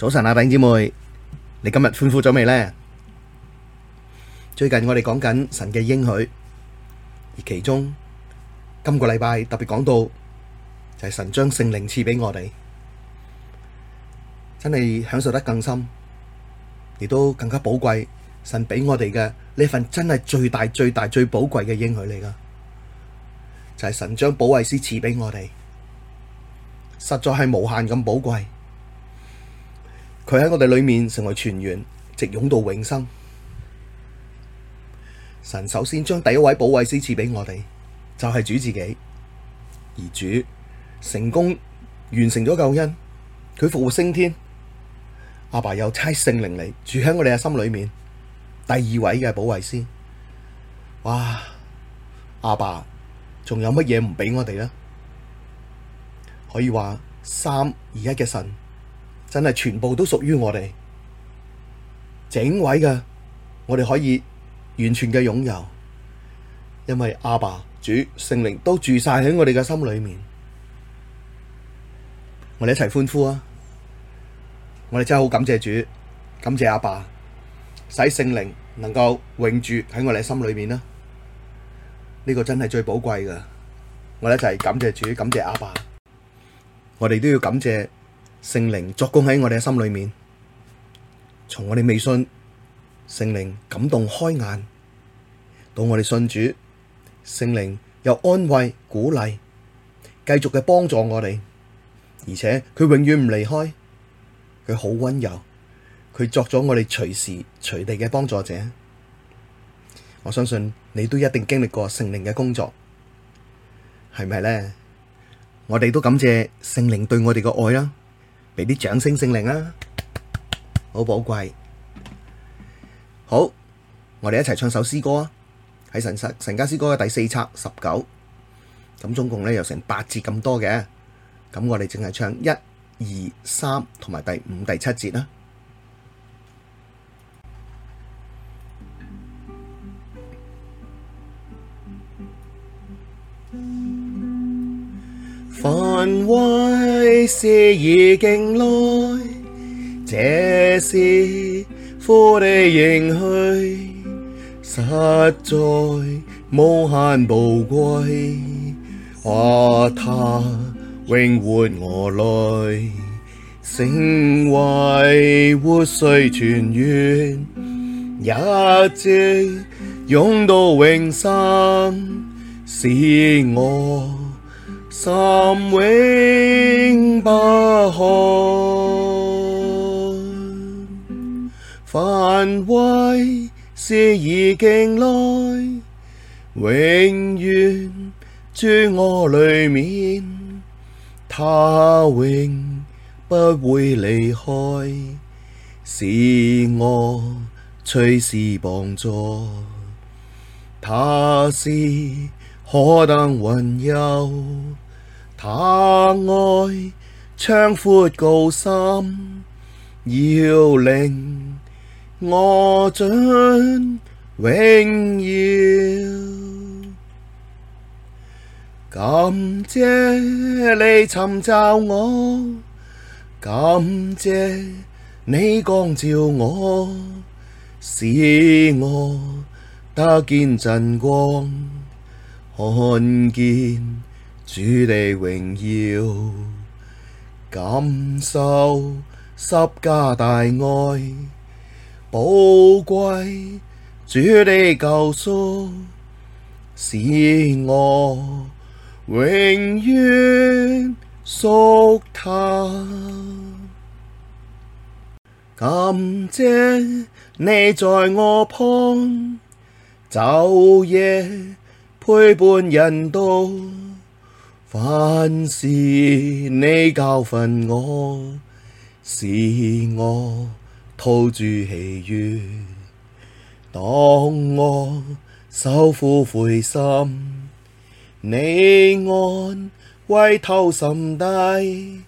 早晨啊，弟兄姊妹，你今日歡呼咗未呢？最近我哋講緊神嘅應許，而其中今個禮拜特別講到就係神將聖靈賜俾我哋，真係享受得更深，亦都更加寶貴。神俾我哋嘅呢份真係最大、最大、最寶貴嘅應許嚟噶，就係神將保惠師賜俾我哋，實在係無限咁寶貴。佢喺我哋裏面成為泉源，直湧到永生。神首先將第一位保惠師賜俾我哋，就係、是、主自己，而主成功完成咗救恩，佢復活升天。阿爸，爸又差聖靈嚟住喺我哋嘅心裏面，第二位嘅保惠師。哇！阿爸，爸，仲有乜嘢唔俾我哋呢？可以話三而一嘅神。真係全部都屬於我哋，整位嘅，我哋可以完全嘅擁有，因為阿爸、主、聖靈都住晒喺我哋嘅心裏面，我哋一齊歡呼啊！我哋真係好感謝主，感謝阿爸，使聖靈能夠永住喺我哋心裏面啦。呢個真係最寶貴嘅，我哋一齊感謝主，感謝阿爸，我哋都要感謝。聖靈作工喺我哋嘅心裏面，從我哋未信，聖靈感動開眼，到我哋信主，聖靈又安慰鼓勵，繼續嘅幫助我哋，而且佢永遠唔離開，佢好溫柔，佢作咗我哋隨時隨地嘅幫助者。我相信你都一定經歷過聖靈嘅工作，係咪咧？我哋都感謝聖靈對我哋嘅愛啦。俾啲掌聲聖靈啊，好寶貴。好，我哋一齊唱首詩歌啊，喺神神家詩歌第四冊十九，咁總共呢有成八節咁多嘅，咁我哋淨係唱一二三同埋第五第七節啦、啊。訓慰師已經來，這是父的應許，實在無限寶貴。啊！祂永活我內，成為活水泉源，一直湧到永生，使我心永不渴。訓慰師已經來，永遠住我裡面，他永不會離開，是我隨時幫助，他是何等溫柔。祂愛長闊高深，要領我進榮耀。感謝你尋找我，感謝你光照我，使我得見真光，看見，主的榮耀，感受十架大愛寶貴，寶貴主的救贖，使我永遠屬祂。感謝你在我旁，晝夜陪伴引導。凡事你教訓我，使我討主喜悅；當我愁苦灰心，你安慰透心底，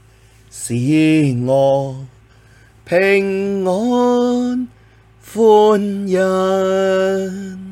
使我平安歡欣。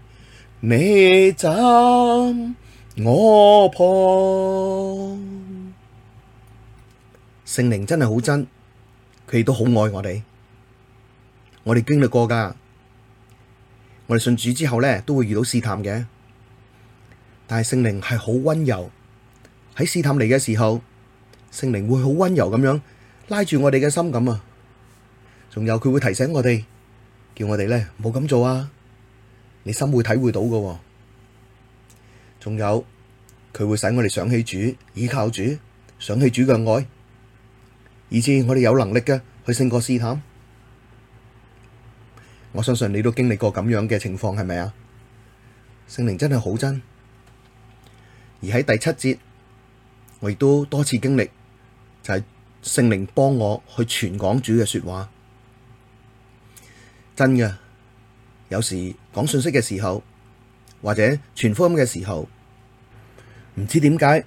你站我旁。聖靈真係好真，佢亦都好愛我哋。我哋經歷過噶，我哋信主之後咧，都會遇到試探嘅。但係聖靈係好溫柔，喺試探嚟嘅時候，聖靈會好溫柔咁樣拉住我哋嘅心咁啊。仲有佢會提醒我哋，叫我哋咧唔好咁做啊。你心會體會到嘅、哦，仲有佢會使我哋想起主，依靠主，想起主嘅愛，以致我哋有能力嘅去勝過試探。我相信你都經歷過咁樣嘅情況，係咪啊？聖靈真係好真，而喺第七節，我亦都多次經歷，就係聖靈幫我去傳講主嘅說話，真嘅。有時講信息嘅時候，或者傳福音嘅時候，唔知點解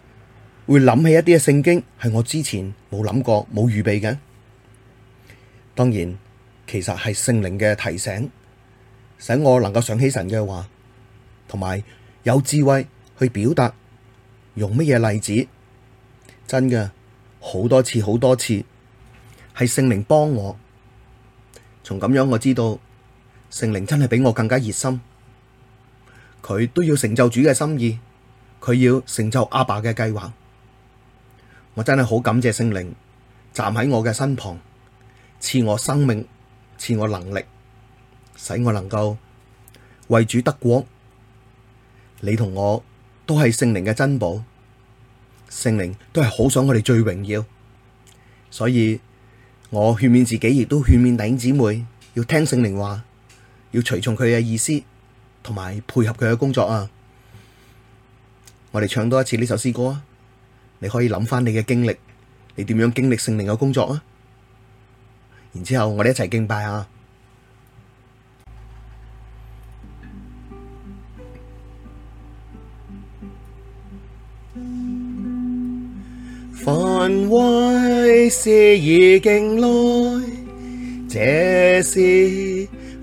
會諗起一啲嘅聖經係我之前冇諗過、冇預備嘅。當然，其實係聖靈嘅提醒，使我能夠想起神嘅話，同埋有，有智慧去表達，用乜嘢例子？真嘅好多次，好多次係聖靈幫我。從咁樣，我知道。聖靈真係比我更加熱心，佢都要成就主嘅心意，佢要成就阿爸嘅計劃。我真係好感謝聖靈站喺我嘅身旁，賜我生命，賜我能力，使我能夠為主得國。你同我都係聖靈嘅珍寶，聖靈都係好想我哋最榮耀，所以我勸勉自己，亦都勸勉弟兄姊妹要聽聖靈話。要隨從佢嘅意思，同埋配合佢嘅工作啊！我哋唱多一次呢首詩歌啊！你可以諗返你嘅經歷，你點樣經歷聖靈嘅工作啊？然之後我哋一齊敬拜啊！訓慰師已經來，這是。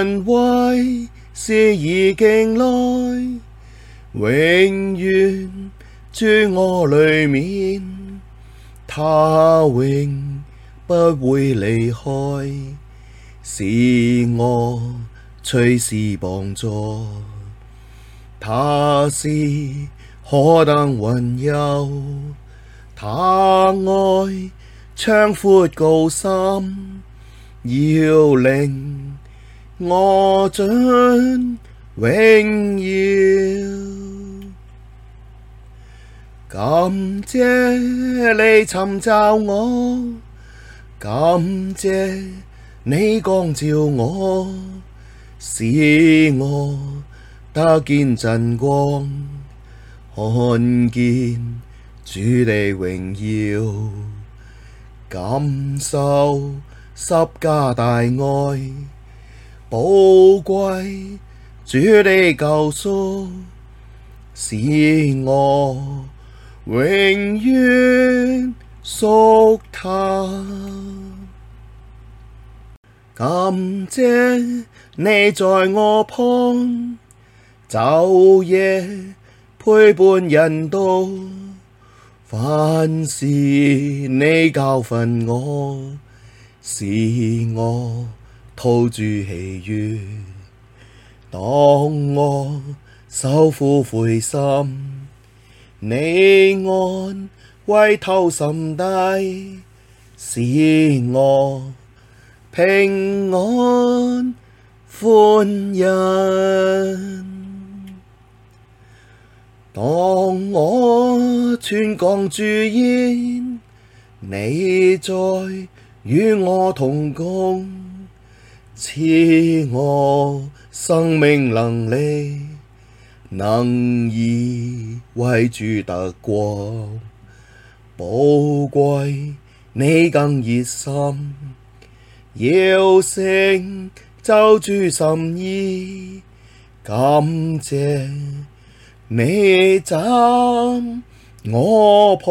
訓慰師已經來，永遠住我裡面，他永不會離開，是我隨時幫助，他是何等溫柔，他愛長闊高深，要領，我進榮耀，感謝你尋找我，感謝你光照我，使我得見真光，看見主的榮耀，感受十架大愛。寶貴主的救贖，使我永遠屬祂。感謝你在我旁，晝夜陪伴引導，凡事你教訓我，使我討主喜悅，當我愁苦灰心，你安慰透心底，使我平安歡欣。當我傳講主言，你在與我同工。賜我生命能力，能以為主得國，寶貴你更熱心，要成就主心意，感謝你站我旁。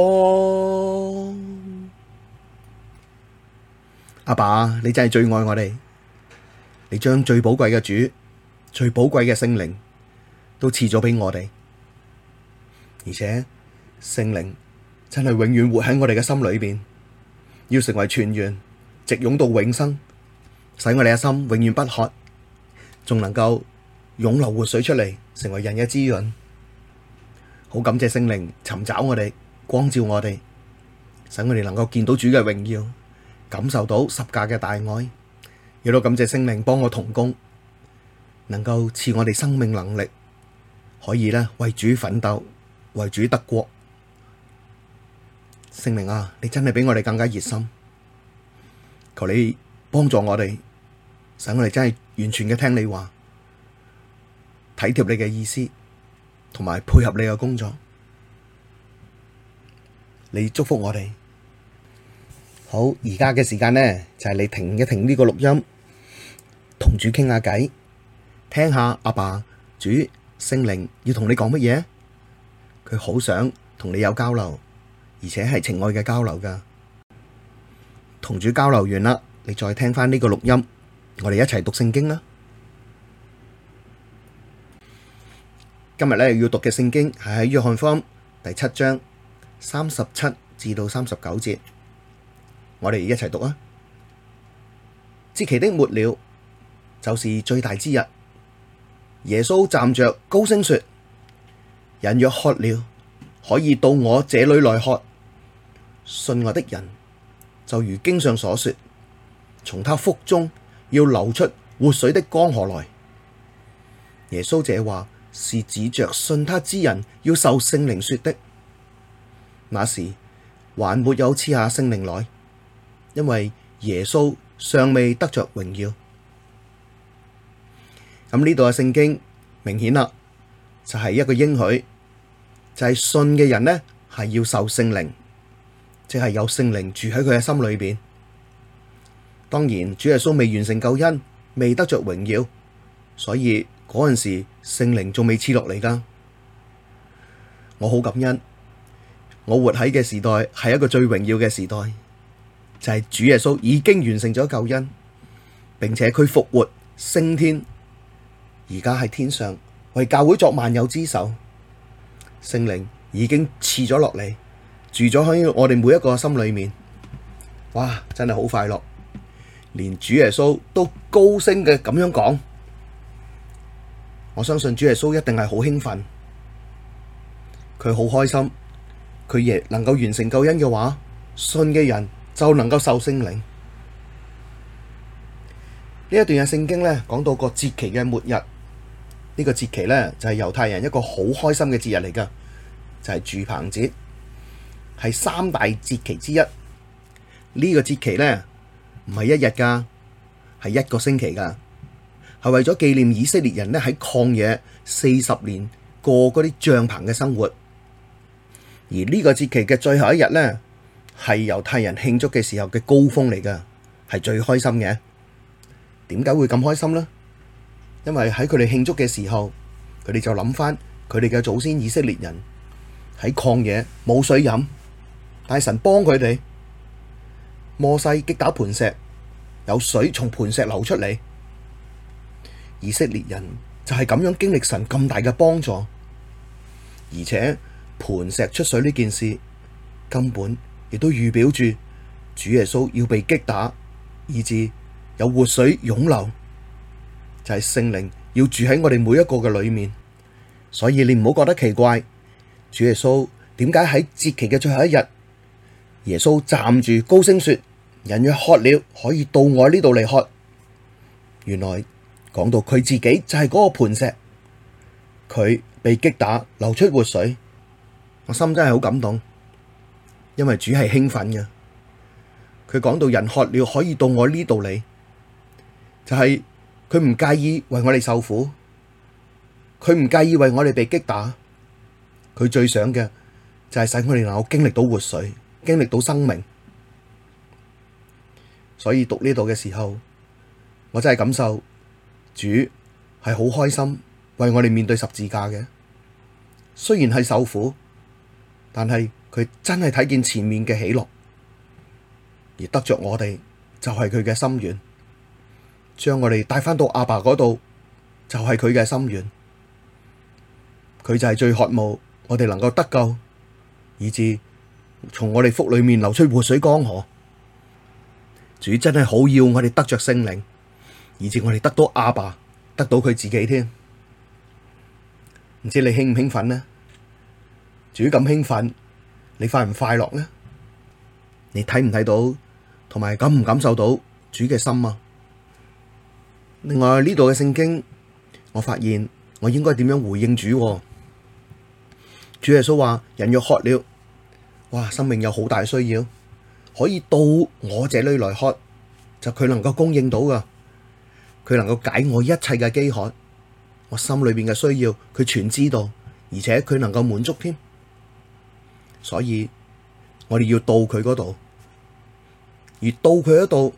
阿爸，爸，你真係最愛我哋。你將最寶貴嘅主，最寶貴嘅聖靈都賜咗畀我哋，而且聖靈真係永遠活喺我哋嘅心裏邊，要成為泉源，直湧到永生，使我哋嘅心永遠不渴，仲能夠湧流活水出嚟，成為人嘅滋潤。好感謝聖靈尋找我哋，光照我哋，使我哋能夠見到主嘅榮耀，感受到十架嘅大愛。亦都感謝聖靈幫我同工，能夠賜我哋生命能力，可以咧為主奮鬥，為主得國。聖靈啊，你真係比我哋更加熱心，求你幫助我哋，使我哋真係完全嘅聽你話，體貼你嘅意思，同埋配合你嘅工作。你祝福我哋。好，而家嘅時間呢，就係你停一停呢個錄音，同主傾下偈，聽下阿爸主聖靈要同你講乜嘢。佢好想同你有交流，而且係情愛嘅交流噶。同主交流完啦，你再聽翻呢個錄音，我哋一齊讀聖經啦。今日呢要讀嘅聖經係喺約翰福音第七章三十七至到三十九節。我哋一齊讀啊！節期的末了，就是最大之日。耶穌站着高聲說：人若渴了，可以到我這裏來喝。信我的人就如經上所說，從他腹中要流出活水的江河來。耶穌這話是指着信他之人要受聖靈說的。那時還沒有賜下聖靈來。因為耶穌尚未得着榮耀，咁呢度嘅聖經明顯啦，就係一個應許，就係信嘅人呢係要受聖靈，即係有聖靈住喺佢嘅心裏邊。當然，主耶穌未完成救恩，未得着榮耀，所以嗰陣時聖靈仲未賜落嚟噶。我好感恩，我活喺嘅時代係一個最榮耀嘅時代。就係主耶穌已經完成咗救恩，並且佢復活升天，而家喺天上為教會作萬有之首，聖靈已經賜咗落嚟，住咗喺我哋每一個心裏面。哇，真係好快樂！連主耶穌都高聲嘅咁樣講，我相信主耶穌一定係好興奮，佢好開心，佢亦能夠完成救恩嘅話，信嘅人。就能夠受聖靈。呢一段嘅聖經呢，講到個節期嘅末日，呢個節期呢，就係猶太人一個好開心嘅節日嚟噶，就係住棚節，係三大節期之一。呢個節期呢，唔係一日噶，係一個星期噶，係為咗紀念以色列人呢喺曠野四十年過嗰啲帳篷嘅生活。而呢個節期嘅最後一日呢。係猶太人慶祝嘅時候嘅高峰嚟噶係最開心嘅。點解會咁開心呢？因為喺佢哋慶祝嘅時候，佢哋就諗翻佢哋嘅祖先以色列人喺曠野冇水飲，大神幫佢哋，摩西擊打磐石，有水從磐石流出嚟。以色列人就係咁樣經歷神咁大嘅幫助，而且磐石出水呢件事根本。亦都預表住主耶穌要被擊打，以至有活水湧流，就係、是、聖靈要住喺我哋每一個嘅裏面。所以你唔好覺得奇怪，主耶穌點解喺節期嘅最後一日，耶穌站住高聲說：人若渴了，可以到我呢度嚟喝。原來講到佢自己就係嗰個磐石，佢被擊打流出活水，我心真係好感動。因為主係興奮嘅，佢講到人渴了可以到我呢度嚟，就係佢唔介意為我哋受苦，佢唔介意為我哋被擊打，佢最想嘅就係使我哋能夠經歷到活水，經歷到生命。所以讀呢度嘅時候，我真係感受主係好開心為我哋面對十字架嘅，雖然係受苦，但係。佢真係睇見前面嘅喜樂，而得着我哋就係佢嘅心願，將我哋帶翻到阿爸嗰度就係佢嘅心願。佢就係最渴望我哋能夠得救，以至從我哋腹裏面流出活水江河。主真係好要我哋得着聖靈，以至我哋得到阿爸，得到佢自己添。唔知你興唔興奮呢？主咁興奮。你快唔快樂呢？你睇唔睇到，同埋感唔感受到主嘅心啊？另外呢度嘅聖經，我發現我應該點樣回應主，啊？主耶穌話：人若渴了，哇，生命有好大需要，可以到我這裏來喝，就佢能夠供應到噶，佢能夠解我一切嘅飢渴，我心裏邊嘅需要，佢全知道，而且佢能夠滿足添，啊。所以我哋要到佢嗰度，而到佢嗰度，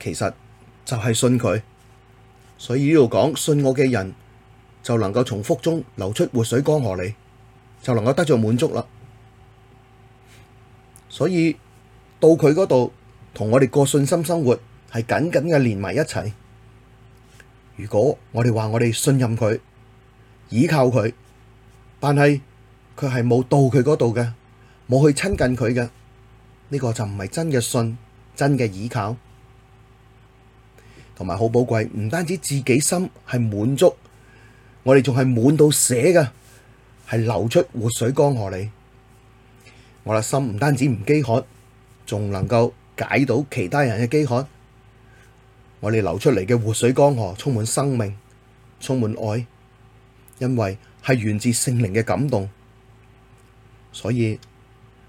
其實就係信佢。所以呢度講，信我嘅人就能夠從腹中流出活水江河嚟，就能夠得着滿足啦。所以到佢嗰度，同我哋過信心生活係緊緊嘅連埋一齊。如果我哋話我哋信任佢，倚靠佢，但係佢係冇到佢嗰度嘅。冇去親近佢嘅呢個就唔係真嘅信，真嘅依靠，同埋好寶貴。唔單止自己心係滿足，我哋仲係滿到寫嘅，係流出活水江河嚟。我嘅心唔單止唔饑渴，仲能夠解到其他人嘅饑渴。我哋流出嚟嘅活水江河充滿生命，充滿愛，因為係源自聖靈嘅感動，所以。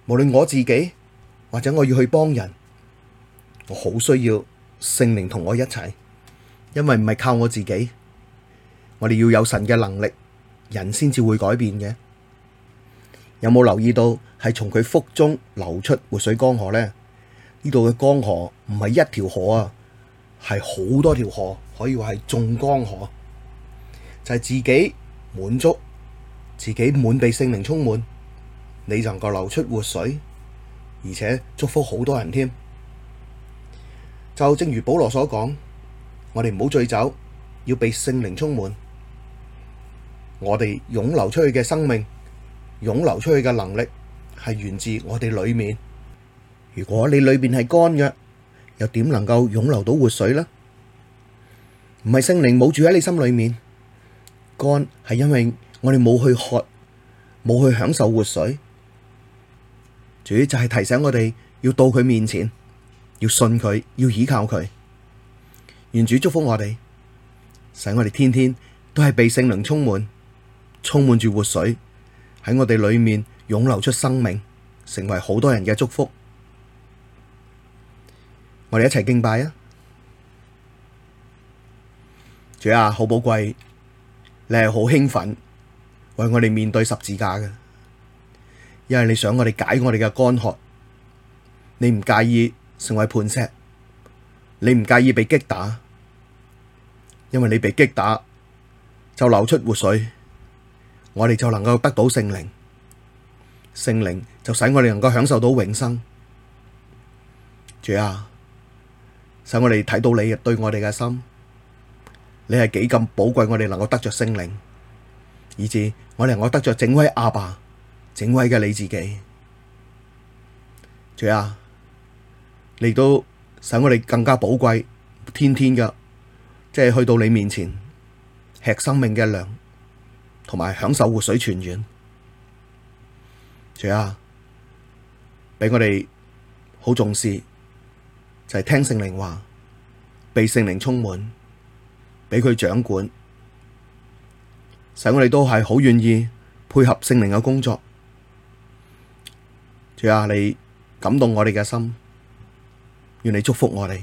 無論我自己或者我要去幫人，我好需要聖靈同我一齊，因為唔係靠我自己，我哋要有神嘅能力，人先至會改變嘅。有冇留意到係從佢腹中流出活水江河呢？呢度嘅江河唔係一條河啊，係好多條河，可以話係眾江河，就係，是，自己滿足，自己滿被聖靈充滿。你就能夠流出活水，而且祝福好多人添。就正如保羅所講，我哋唔好醉酒，要被聖靈充滿。我哋湧流出去嘅生命，湧流出去嘅能力，係源自我哋裏面。如果你裏面係乾嘅，又點能夠湧流到活水呢？唔係聖靈冇住喺你心裏面，乾係因為我哋冇去喝，冇去享受活水。主就係提醒我哋要到佢面前，要信佢，要倚靠佢。願主祝福我哋，使我哋天天都係被聖靈充滿，充滿住活水喺我哋裏面湧流出生命，成為好多人嘅祝福。我哋一齊敬拜啊！主啊，好寶貴，你係好興奮為我哋面對十字架嘅。因為你想我哋解我哋嘅乾渴，你唔介意成為磐石，你唔介意被擊打，因為你被擊打就流出活水，我哋就能夠得到聖靈，聖靈就使我哋能夠享受到永生。主啊，使我哋睇到你對我哋嘅心，你係幾咁寶貴，我哋能夠得着聖靈，以致我哋能夠得着整威阿爸。敬畏嘅你自己，主啊，你都使我哋更加寶貴，天天㗎，即係去到你面前吃生命嘅糧，同埋享受活水泉源，主啊，俾我哋好重視，就係聽聖靈話，被聖靈充滿，俾佢掌管，使我哋都係好願意配合聖靈嘅工作。主啊，你感動我哋嘅心，願你祝福我哋。